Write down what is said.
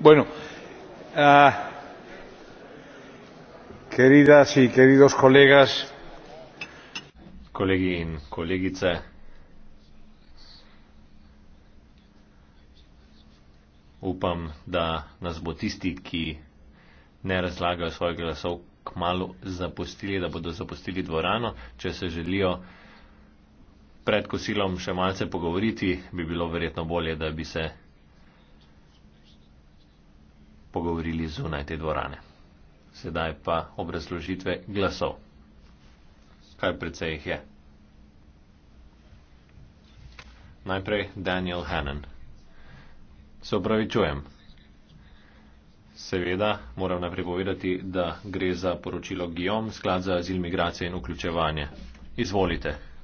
bueno ah, queridas y queridos colegas kolleginnen kollegice upam da nas bo tisti ki ne razlagajo svojih glasov kmalo zapustili da bodo zapustili dvorano če se želijo pred kosilom še malce pogovoriti bi bilo verjetno bolje da bi se pogovorili zunaj te dvorane. Sedaj pa obrazložitve glasov. Kaj precej jih je? Najprej Daniel Hannon. Se opravičujem. Seveda moram najprej povedati, da gre za poročilo GIOM, sklad za azil, migracije in vključevanje. Izvolite.